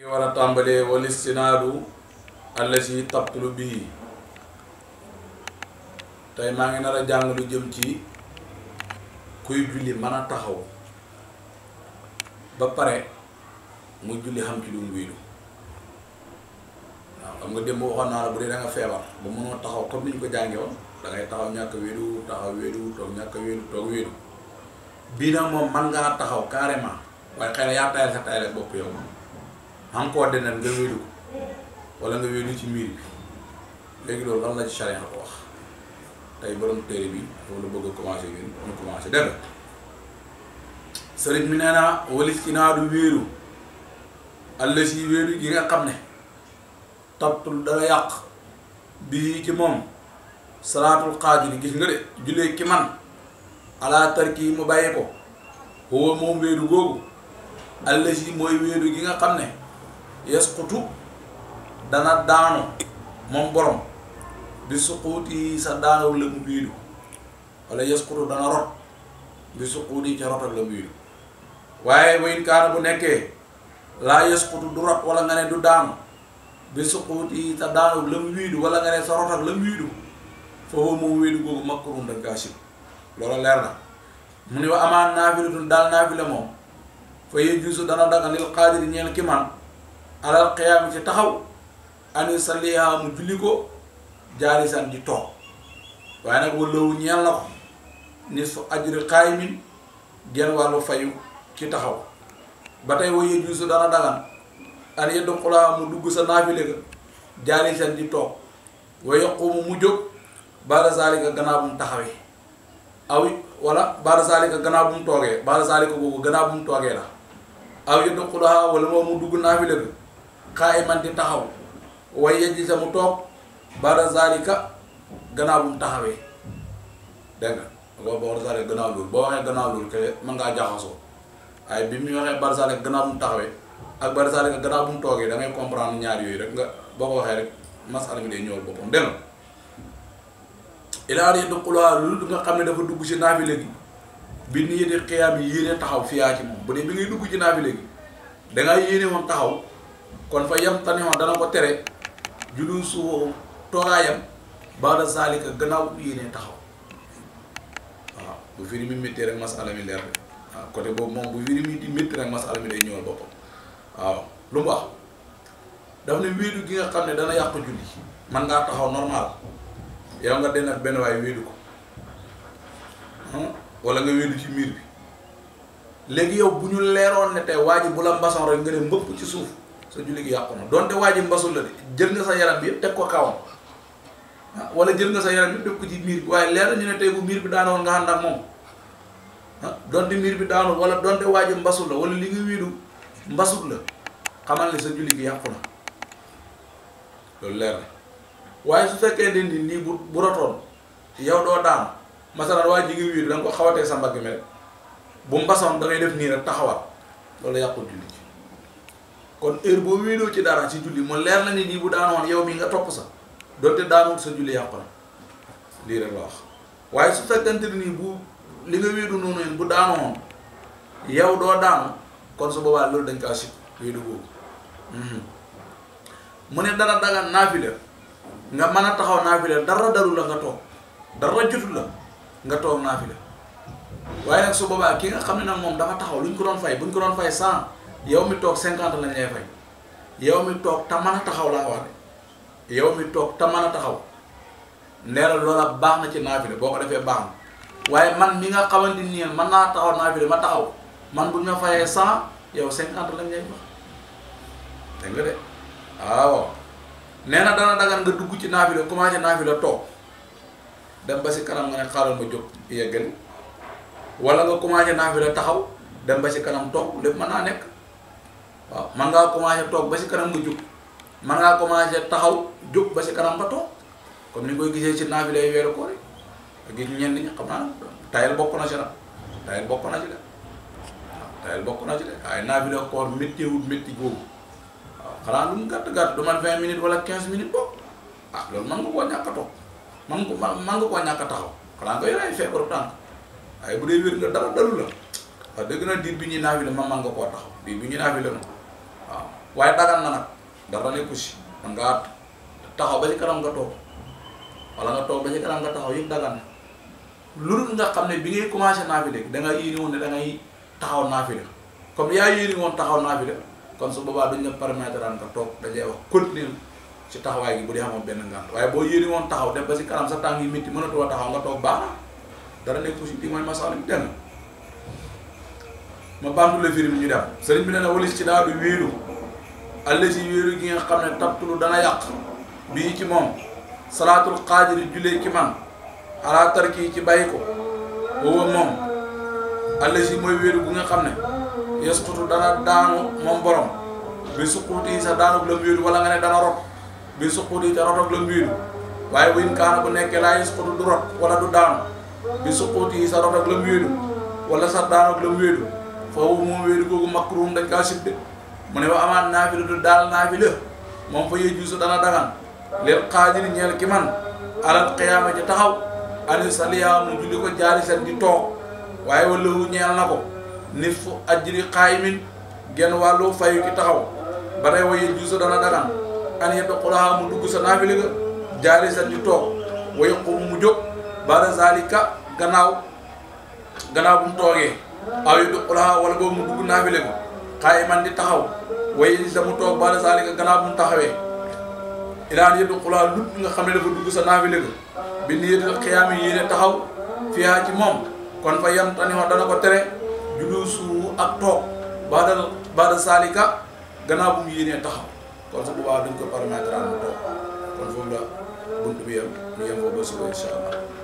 ngi war a tàmbalee wal istinaadu allazi tabtulu bii tey maa ngi nar a jàng jëm ci kuy julli mën a taxaw ba pare mu julli xam ci lu mu wiilu waaw xam nga démb waxoon naa la bu dee da feebar ba mënoo taxaw comme ni ñu ko jàngee woon da taxaw ñàkk wéedu taxaw wéedu toog ñàkk wéedu toog wéedu bii nag moom man ngaa taxaw carrément waaye xëy na yaa tayal sa tayal bopp yow encordé na nga wéedu ko wala nga wéedu ci miir bi léegi loolu lan la ci charia ko wax tey borom téere bi loolu bëgg a commencé yéen sëriñ mi nee naa walis ci naadu wéeru àll si wéeru gi nga xam ne tabtul dala yàq bii ci moom salaatul xaajiri gis nga de julee ki man ala tarki mu bàyyi ko huwa moom wéeru googu àll si mooy wéeru gi nga xam ne yasqutu dana daanu moom borom bi suquuti sa daanaw la mu biidu wala yasqutu dana rot bi suquuti ca rot ak la biidu waaye wayin bu nekkee laa yasqutu du rot wala nga ne du daanu bi suquuti sa daanaw la mu wiidu wala nga ne sa rot la mu wiidu foofu moom wiidu googu makkurun da gaasib loola leer na mu ne wa amaan naafilatun daal naafila moom fa yejuusu dana daganil xaadiri ñeel kiman alal xiyaam ci taxaw ani salliha mu julli ko jaalisan ji toog waaye nag wu ñeel na ko nisfu ajri qaayimin genn wàllu fayu ci taxaw ba tey waye juusu dana dagan an yeddu xulaa mu dugg sa naafile ga jaalisan ji toog waye qumu mu jóg baada zaalika gannaaw bu mu taxawee aw wala baada zaalika gannaaw bu mu toogee baada zaalika googu bu mu toogee la aw yeddu xulaa wala moom mu dugg naafile ga xaayiman di taxaw waaye yajlisa mu toog baada zalika gannaaw bu mu taxawee dégg boo boo zalika gannaaw boo waxee gannaaw loolu kay mën ngaa jaxasoo bi mu waxee baada zalika bu mu taxawee ak baada zalika gannaaw mu toogee da ngay comprendre ñaar yooyu rek nga boo ko waxee rek masala mi day ñëwal boppam dégg nga xam ne dafa dugg ci naafile bi ni yéene xiyaam yi yéene taxaw fiyaa ci moom bu dee dugg ci naafile gi da ngaa yéene taxaw kon fa yam tane on dana ko tere julun suwo toraayam baada zalika gannaaw yéene taxaw wa bu firi mi metti rek masala mi leer côté bob mom bu firi mi di metti rek masala mi day ñëwal bop wa lu mu wax daf ne wéedu gi nga xamné dana yaq julli man nga taxaw normal yow nga den ak way waay wéedu ko hmm? wala nga wéedu ci mir bi léegi yow bu ñu leeroon ne tey waji bu la mbason rek nga ne mbëpp ci suuf sa julli gi yàqu na donte waji mbassul la de nga sa yaram bi tek ko kawam ah, wala jël nga sa yaram bi tek ko ci mir bi way leer ñu ne tay bu mir bi daano nga ànd ak moom ah donte mir bi daano wala donte waa ji mbasul la wala li nga wiru mbassul la xamal ni sa julli gi yàqu na leer na su fekke bu bu yow do daan masalan ko xawate sa mbag mel bu mbassam da ngay def ni rek taxawat yakul julli gi kon heure bo wéeloo ci dara ci julli mo leer la ni lii bu won yow mi nga top sa donte daanul sa julli yàqu li rek la wax waye su fekkante ni bu li nga wéedu noonu bu won yow do daan kon su boba loolu dañ kaa sib wéedu boobu hmm mune dara dagan nafile nga mana taxaw nafile dara daru la nga top dara jotu la nga top nafile waye nak su boba ki nga xam nak mom dafa taxaw luñ ko don fay buñ ko don fay sans yow mi toog cinquante lañ lay fay yow mi toog taman a taxaw laa wax de yow mi toog taman mën a taxaw neeral na baax na ci naafile boo ko defee baax na waaye man mi nga xamante ni man naa taxaw naafile ma taxaw man bu ñu ma fayee cent yow cinquante lañ lay wax dégg de nee na dana dagan nga dugg ci naafile commencé naafile toog dem ba si kanam nga ne xaaral ma jóg yeggali wala nga commencé naafile taxaw dem ba si kanam toog lépp mën naa nekk. waaw man ngaa commencé toog ba si kanam nga jug man ngaa commencé taxaw jug ba si kanam ba toog comme ni koy gisee ci si naafila yi weeru koor yi gis ñenn ñi xam naa tayal bokk na ci nag tayel bokk na ci de waaw tayal bokk na ci de waaye lay koor méttiwul métti googu waaw xanaa lu mu gàtt gàtt du man 20 minutes wala 15 minutes bokk ah loolu man nga koo ñàkk a toog man nga man nga koo ñàkk a taxaw xanaa nga yore ay feebaru tànk waaye bu dee wér nga dara dalu la wax dëgg na diir bi ñuy la man man nga koo taxaw diir bi ñuy naafila moom waye ah, waaye na nak dara ne si man nga taxaw ba ci kanam nga tok wala nga tok ba ci kanam nga taxaw yëpp dagan na lu lu nga xamne ne bi ngay fi naafile da nga yini won ne da ngay taxaw naafile comme ya yini won taxaw naafile kon su baba duñ la permettre nga tok da dajee wax continue ci taxaway gi bu di xamoo ben ngànt waye bo yini won taxaw dem ba ci kanam sa tànk yi meuna to taxaw nga tok ba dara ne dem ma bamtu la firim ñu dem sëriñ bi nee na walis ci daa du wéeru àll si wéeru gi nga xam ne tabtulu dana yàq bii ci moom salaatul xaajiri julee ci man alaa tarki ci bàyyi ko booba moom àll si mooy wéeru gu nga xam ne yeskutu dana daanu moom borom bi suquuti yi sax daanug lam wala nga ne dana rot bi suquuti yi te rotok lam wéeru waaye bu kaana bu nekkee laa yeskutu du rot wala du daanu bi suquuti yi sa rotok lam wéeru wala sax daanug lam wéeru fawu mu weedu gogu makrum dañ ka sib de mu ne wa amaan nafilu du dal nafilu moom fa yee juusu dana dagan lil qadir ñeel ki man alal qiyamah ja taxaw ani saliya mu julli ko jaari set di tok waye wala wu ñeel nako nifu ajri qaimin gen walu fayu ki taxaw ba day waye juusu dana dagan an yeb qulaha mu dugg sa nafilu ga jaari sa di tok waye qum mu jóg baada zalika ganaw ganaw bu toge aw yu duqulaha wala boobu mu dugg naafile ko xaay man di taxaw waaye ni damu toog baada saalika gannaaw bu mu taxawee ilaan yu duqulaha lut nga xam ne dafa dugg sa naafile ko bi niyetul xiyaam yi yéene taxaw fiyaa ci moom kon fa yam taniho dana ko tere julusu ak toog baada baada saalika gannaaw bu mu yéenee taxaw kon su boobaa duñ ko permettre mu toog kon foofu la bunt bi yem ñu yem ko ba suba incha allah